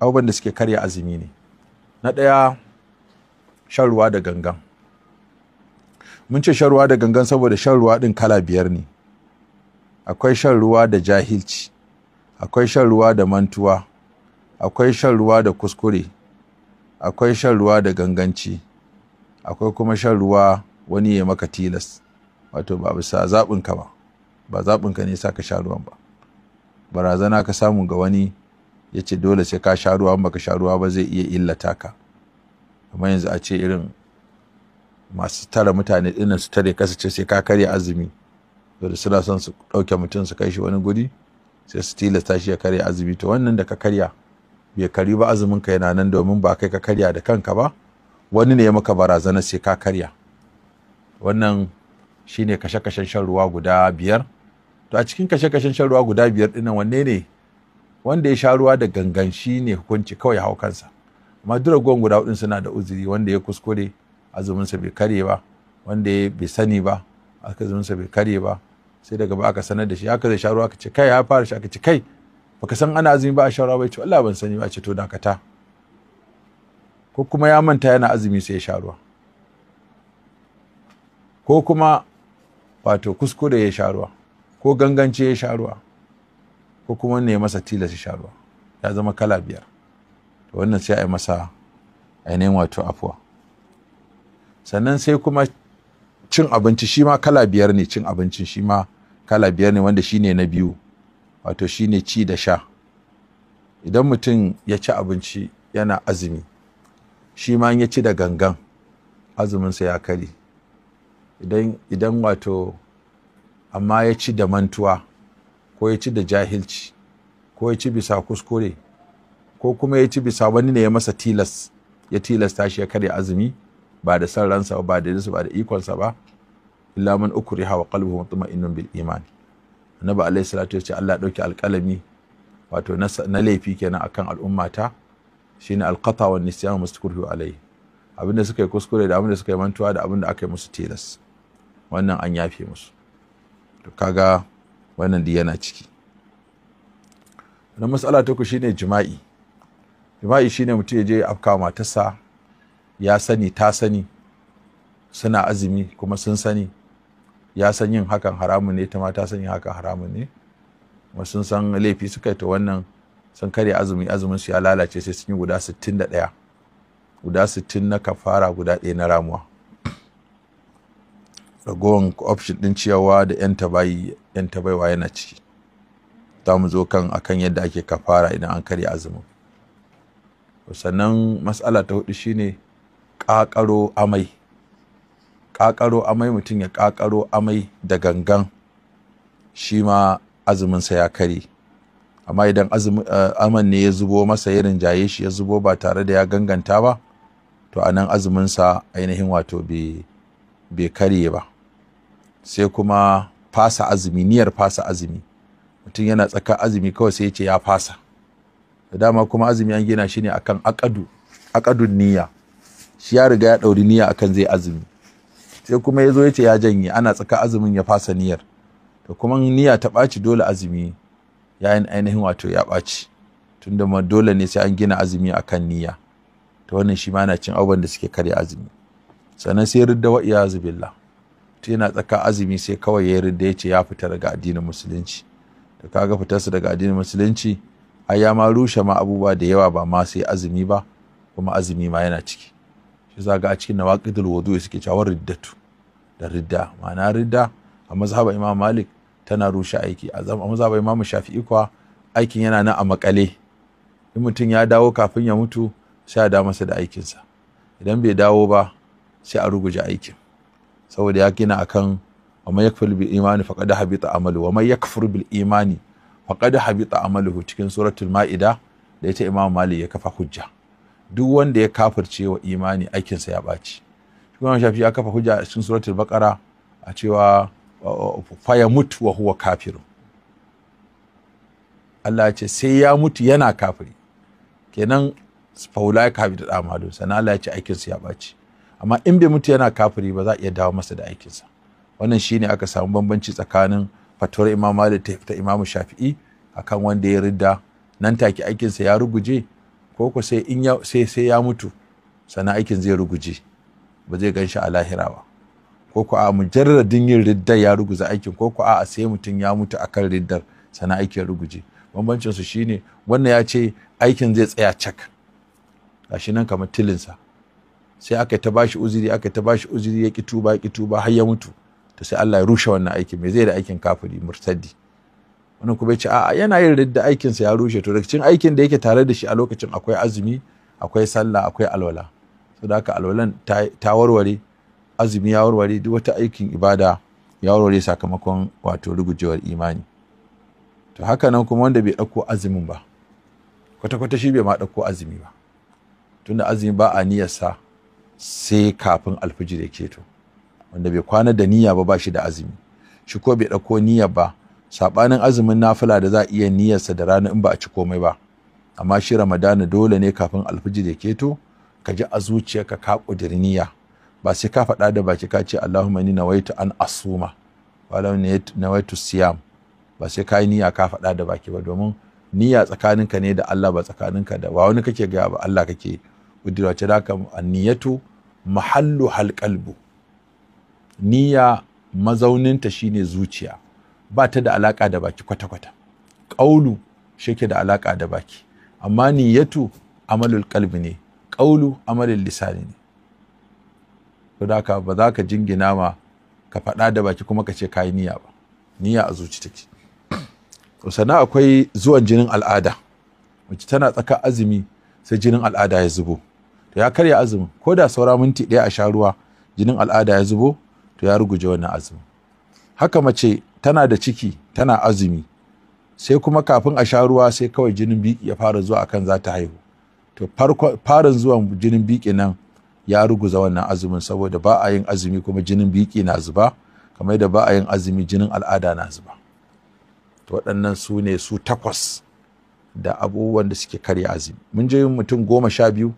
abubuwan da suke karya azumi ne na ɗaya shan ruwa da gangan mun ce shan ruwa da gangan saboda shan ruwa ɗin kala biyar ne akwai shan ruwa da jahilci akwai shan ruwa da mantuwa akwai shan ruwa da kuskure akwai shan ruwa da ganganci akwai kuma shan ruwa wani ya maka tilas wato ba bisa zaɓinka ba ba zaɓinka ne sa ka sha ruwan ba barazana ka samu ga wani ya ce dole sai ka sha ruwa baka sha ruwa ba zai iya illata ka amma yanzu a ce irin masu tara mutane ɗinnan su tare ce sai ka karya azumi da suna son su ɗauke mutum su kai shi wani guri sai su tilasta shi ya karya azumi to wannan da ka karya bai kari ba azumin ka yana nan domin ba kai ka karya da kanka ba wani ne ya maka barazana sai ka karya wannan shine kashe-kashen shan ruwa guda biyar to a cikin kashe-kashen shan ruwa guda biyar dinnan wanne ne wanda ya sha ruwa da gangan shi ne hukunci kawai hau kansa amma duk ragon guda hudun suna da uzuri wanda ya kuskure azuminsa bai kare ba wanda ya bai sani ba aka azuminsa bai kare ba sai daga ba aka sanar da shi haka zai sha ruwa aka ce kai ya fara shi aka ce kai baka san ana azumi ba a sha ruwa ba ya ce Allah ban sani ba a ce to dakata ko kuma ya manta yana azumi sai ya sha ruwa ko kuma wato kuskure ya sha ruwa ko gangance ya sha ruwa ko kuma ne ya masa tilas sha ruwa ya zama kala biyar to wannan sai a yi masa ainihin wato afuwa sannan sai kuma cin abinci shi ma kala biyar ne cin abincin shi ma kala biyar ne wanda shi ne na biyu wato shi ne ci da sha idan mutum ya ci abinci yana azumi shi ma ya ci da gangan azuminsa ya kare idan wato amma ya ci da mantuwa ko ya ci da jahilci ko ya ci bisa kuskure ko kuma ya ci bisa wani ne ya masa tilas ya tilasta shi ya karya azumi ba da san ransa ba da yinsa ba da ikonsa ba illa man ukriha wa qalbuhu mutma'innun bil iman annabi alayhi salatu ya ce Allah dauki alqalami wato na laifi kenan akan al'ummata shine alqata wa nisyan mustakrihu alayhi abinda suka yi kuskure da abinda suka yi mantuwa da abinda aka yi musu tilas wannan an yafe musu to kaga wannan duk yana ciki na matsala ta ku shine jima'i jima'i shine mutum ya je afka matarsa ya sani ta sani suna azumi kuma sun sani ya san yin hakan haramun ne ta ma ta san yin hakan haramun ne kuma sun san laifi suka yi ta wannan sun karya azumi azumin su ya lalace sai sun yi guda 61 guda 60 na kafara guda ɗaya na ramuwa ragowan option din ciyawa da 'yan tabayi 'yan tabaiwa yana ciki za mu zo kan akan yadda ake kafara idan an karya azumin sannan matsala ta hudu shine ƙaƙaro amai ƙaƙaro amai mutum ya ƙaƙaro amai da gangan shi ma azuminsa ya kare amma idan eh, aman ne ya zubo masa irin jaye shi ya zubo ba tare da ya ganganta ba to anan azuminsa ainihin wato bai bai karye ba sai kuma fasa azumi Niyar fasa azumi mutum yana tsaka azumi kawai sai ya ce ya fasa da dama kuma azumi an gina shi ne akan akadu akadun niyya shi ya riga ya ɗauri niyya akan zai azumi sai kuma ya zo ya ce ya janye ana tsaka azumin ya fasa niyyar to kuma niyya ta ɓaci dole azumi ya ainihin wato ya ɓaci tunda ma dole ne sai an gina azumi akan niyya Ta wannan shi ma na cin abubuwan da suke karya azumi sannan sai ridda wa iyazu billah ta yana tsaka azumi sai kawai ya ridda ya ce ya fita daga addinin musulunci da kaga fitarsa daga addinin musulunci Aya ya ma rushe ma abubuwa da yawa ba ma sai azumi ba kuma azumi ma yana ciki shi ga a cikin nawaqidul wudu suke cewa riddatu da ridda ma'ana ridda a mazhabar imam malik tana rushe aiki a mazhabar imam shafi'i kuwa aikin yana nan a makale in mutum ya dawo kafin ya mutu sai a da masa da aikinsa idan bai dawo ba sai a ruguje aikin saboda ya gina akan wa man yakfur bil imani faqad habita amalu wa man yakfur bil imani faqad habita amalu cikin suratul maida da ita imam mali ya kafa hujja duk wanda ya kafirce wa imani aikinsa ya baci. imam shafi ya kafa hujja a cikin suratul baqara a cewa faya mutu wa huwa kafir Allah ya ce sai ya mutu yana kafiri kenan faula ya kafi da amalu sannan Allah ya ce aikinsa ya baci. amma in bai mutu yana kafiri ba za a iya dawo masa da aikinsa wannan shine aka samu bambanci tsakanin fatuwar imam malik ta imam shafi'i akan wanda ya ridda nan take aikinsa ya ruguje ko ko sai in ya sai sai ya mutu sannan aikin zai ruguje ba zai ganshi a lahira ba ko ko a mujarradin yin riddar ya ruguza aikin ko ko a sai mutum ya mutu akan riddar sannan aikin ruguje bambancin su shine wannan ya ce aikin zai tsaya cak gashi nan kamar tilinsa sai aka ta bashi uzuri aka ta bashi uzuri ya ki tuba ki tuba har ya mutu to sai Allah ya rushe wannan aikin me zai da aikin kafiri murtaddi wannan kuma yace a'a yana yin ridda aikin sa ya rushe to cikin aikin da yake tare da shi a lokacin akwai azumi akwai sallah akwai alwala saboda haka alwalan ta warware azumi ya warware duk wata aikin ibada ya warware sakamakon wato rugujewar imani to haka nan kuma wanda bai ɗauko azumin ba kwata-kwata shi bai ma ɗauko azumi ba tunda azumi ba a niyyar sa. sai kafin alfijir ya keto wanda bai kwana da niyya ba bashi da azumi shi ko bai ɗauko niyya ba saɓanin azumin nafila da za a iya niyyarsa da rana in ba a ci komai ba amma shi ramadana dole ne kafin alfijir ya keto ka ji a zuciyarka ka kudiri niyya ba sai ka faɗa da baki ka ce Allahumma ni nawaitu an asuma wala nawaitu siyam ba sai ka yi niyya ka faɗa da baki ba domin niyya tsakaninka ne da Allah ba tsakaninka da ba wani kake gaya ba Allah kake kudura ce da haka niyyatu mahallu halƙalbu niyya mazauninta shine zuciya ba ta da alaƙa da baki kwata-kwata ƙaulu shi da alaƙa da baki amma niyyatu amalul ƙalbi ne ƙaulu amalul lisani ne haka ba za ka jingina ma ka faɗa da baki kuma ka ce ka yi niyya ba niyya a zuci take sana akwai zuwan jinin al'ada wacce tana tsaka azumi sai jinin al'ada ya zubo to ya karya azumin ko da saura minti ɗaya a sha ruwa jinin al'ada ya zubo to ya ruguje wannan azumin haka mace tana da ciki tana azumi sai kuma kafin a sha ruwa sai kawai jinin biki ya fara zuwa akan za ta haihu to farin zuwan jinin biki nan ya ruguza wannan azumin saboda ba a yin azumi kuma jinin biki na zuba kamar da ba a yin azumi jinin al'ada na zuba to waɗannan su ne su takwas da abubuwan da suke karya azumi mun je mutum goma sha biyu